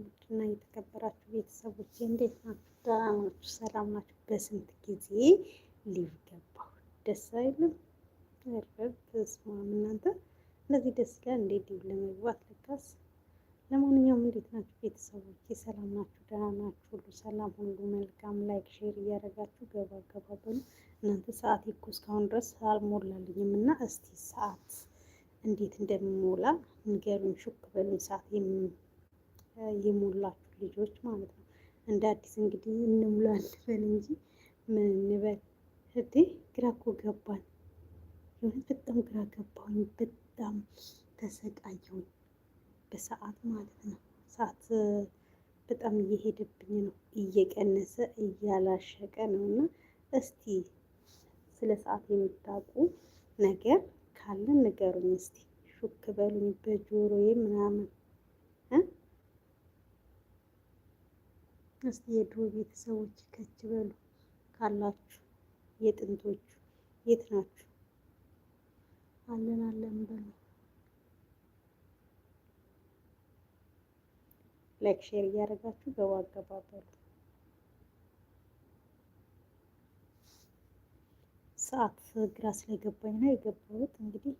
ውድና የተከበራችሁ ቤተሰቦች እንዴት ናችሁ? ደህና ናችሁ? ሰላም ናችሁ? በስንት ጊዜ ሊቭ ገባሁ። ደስ አይልም? በስመ እናንተ እንደዚህ ደስ ይላል እንዴ ሊቭ ለመግባት ልካስ። ለማንኛውም እንዴት ናችሁ ቤተሰቦች? ሰላም ናችሁ? ደህና ናችሁ? ሁሉ ሰላም፣ ሁሉ መልካም። ላይክ ሼር እያደረጋችሁ ገባ ገባ በሉ እናንተ። ሰዓት እኮ እስካሁን ድረስ አልሞላልኝም እና እስቲ ሰዓት እንዴት እንደሚሞላ ንገሩኝ። ሹክ በሉኝ ሰዓት ይሙላችሁ ልጆች ማለት ነው። እንደ አዲስ እንግዲህ እንሙላል እንበል እንጂ ምን እንበል እህቴ፣ ግራ እኮ ገባን። በጣም ግራ ገባሁኝ። በጣም ተሰቃየሁኝ በሰዓት ማለት ነው። ሰዓት በጣም እየሄደብኝ ነው፣ እየቀነሰ እያላሸቀ ነው። እና እስቲ ስለ ሰዓት የምታውቁ ነገር ካለ ንገሩኝ እስቲ፣ ሹክ በሉኝ በጆሮዬ ምናምን እስቲ የድሮ ቤተሰቦች ከች በሉ ካላችሁ የጥንቶቹ የት ናችሁ? አለን አለን በሉ። ላይክ ሼር እያደረጋችሁ ገባ ገባ በሉ። ሰዓት ግራ ስለገባኝ ነው የገባሁት። እንግዲህ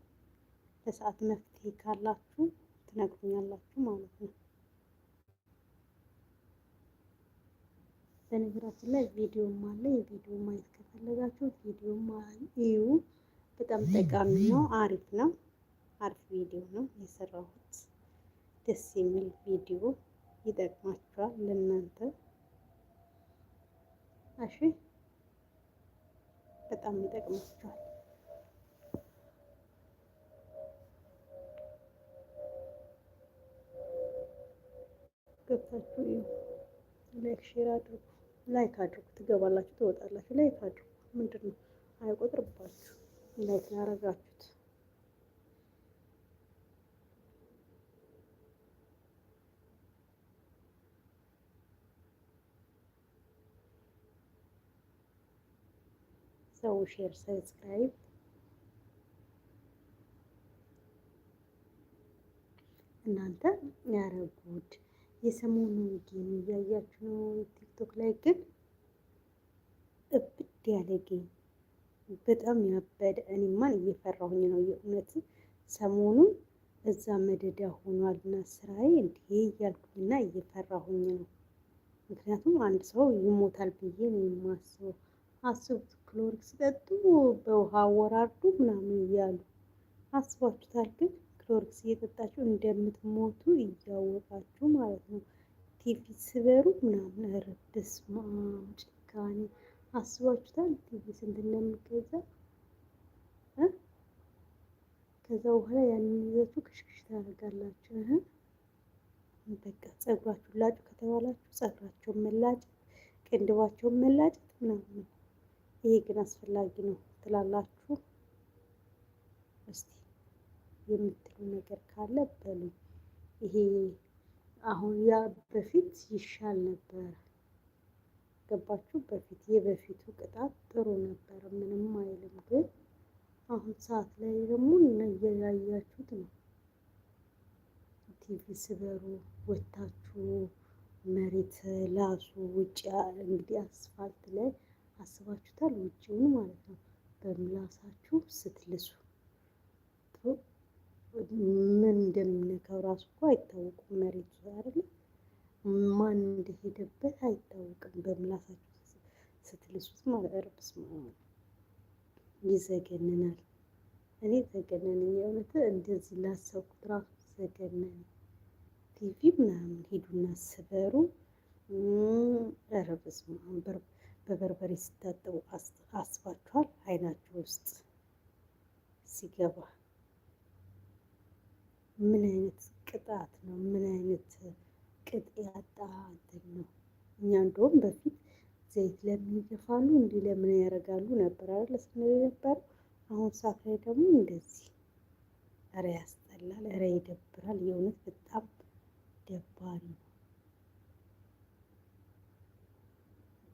ለሰዓት መፍትሄ ካላችሁ ትነግሩኛላችሁ ማለት ነው። በነገራችን ላይ ቪዲዮም አለ። ቪዲዮ ማየት ከፈለጋችሁ ቪዲዮ እዩ። በጣም ጠቃሚ ነው፣ አሪፍ ነው፣ አሪፍ ቪዲዮ ነው የሰራሁት። ደስ የሚል ቪዲዮ ይጠቅማችኋል ለእናንተ። እሺ፣ በጣም ይጠቅማችኋል። ገብታችሁ ላይክ ሼር አድርጉ። ላይክ አድርጉ። ትገባላችሁ፣ ትወጣላችሁ። ላይክ አድርጉ። ምንድን ነው አይቆጥርባችሁ። ላይክ ያረጋችሁት ሰው ሼር፣ ሰብስክራይብ እናንተ ያረጉት የሰሞኑን ጌም እያያችሁ ነው። ቲክቶክ ላይ ግን እብድ ያለ ጌም በጣም ያበደ። እኔማን እየፈራሁኝ ነው የእውነት ሰሞኑን እዛ መደዳ ሆኗል እና ስራዬ እንዲህ እያልኩኝና እየፈራሁኝ ነው። ምክንያቱም አንድ ሰው ይሞታል ብዬ ነው የማስበው። አስቡት ክሎሪክስ ሲጠጡ በውሃ አወራርዱ ምናምን እያሉ አስባችሁታል። ግን ክሎሪክስ እየጠጣችሁ እንደምትሞቱ እያወ ነገሩ ምናምን ኧረ በስመ ጭካኔ አስባችሁታል? ስንት እንደሚገዛ ከዛ በኋላ ያንን ይዛችሁ ክሽክሽ ታደርጋላችሁ። በቃ ጸጉራችሁ ላጭ ከተባላችሁ ጸጉራቸውን መላጨት፣ ቅንድባቸውን መላጨት ምናምን ይሄ ግን አስፈላጊ ነው ትላላችሁ? እስቲ የምትሉ ነገር ካለ በሉ ይሄ አሁን ያ በፊት ይሻል ነበረ። ገባችሁ? በፊት የበፊቱ ቅጣት ጥሩ ነበር ምንም አይልም። ግን አሁን ሰዓት ላይ ደግሞ እያያችሁት ነው። ቲቪ ስበሩ፣ ወታችሁ መሬት ላሱ፣ ውጭ እንግዲህ አስፋልት ላይ አስባችሁታል፣ ውጭውን ማለት ነው። በምላሳችሁ ስትልሱ ምን እንደሚነካው ራሱ እኮ አይታወቁም። መሬቱ አይደለ ማን እንደሄደበት አይታወቅም። በምላሳችሁ ስትልሱት ማለት ረብስ ማለት ይዘገንናል። እኔ ዘገነነኝ። የእውነት እንደዚህ ላሰብኩት ራሱ ዘገነነኝ። ቲቪ ምናምን ሂዱና ስበሩ ረብስ በበርበሬ ስታጠቡ አስባችኋል አይናችሁ ውስጥ ሲገባ ምን አይነት ቅጣት ነው? ምን አይነት ቅጥ ያጣ እንትን ነው? እኛ እንደውም በፊት ዘይት ለምን ይደፋሉ እንዲህ ለምን ያደርጋሉ ነበር አይደል ስንል ነበር። አሁን ሰዓት ላይ ደግሞ እንደዚህ ኧረ ያስጠላል፣ ኧረ ይደብራል። የእውነት በጣም ደባሪ ነው።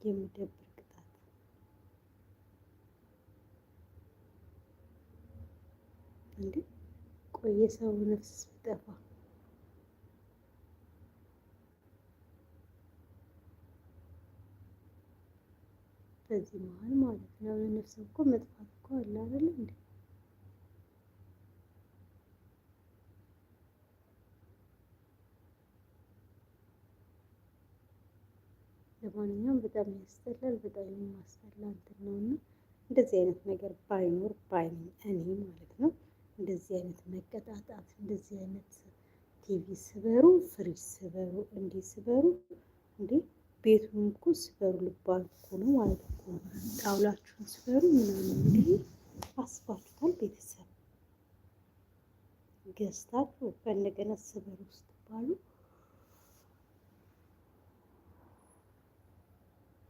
የሚደብር ቅጣት እንዴ! የሰው ነፍስ ቢጠፋ በዚህ መሀል ማለት ነው። ነፍስ እኮ መጥፋት እኮ አለ አይደል እንዴ? ለማንኛውም በጣም ያስጠላል። በጣም የሚያስጠላ እንትን ነው እና እንደዚህ አይነት ነገር ባይኖር ባይኖር እኔ ማለት ነው እንደዚህ አይነት መቀጣጣት፣ እንደዚህ አይነት ቲቪ ስበሩ፣ ፍሪጅ ስበሩ፣ እንዲ ስበሩ፣ እንዲ ቤቱን እኮ ስበሩ፣ ልባል እኮ ነው ማለት እኮ ነው። ጣውላችሁን ስበሩ ምናምን እንግዲህ አስባችሁታል። ቤተሰብ ገዝታችሁ በእንደገና ስበሩ ስትባሉ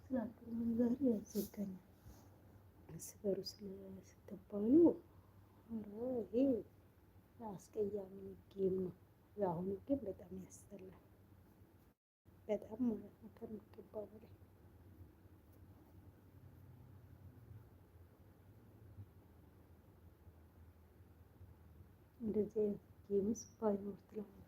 ስላለ ዛሬ ያዘጋኛል ስበሩ ስለሆነ ስትባሉ ይሄ አስቀያሚ ጌም ነው። የአሁኑ ግን በጣም ያስጠላል። በጣም ማለት ነው ከሚገባው በላይ እንደዚህ አይነት ጌምስ ባይኖር ትላለች።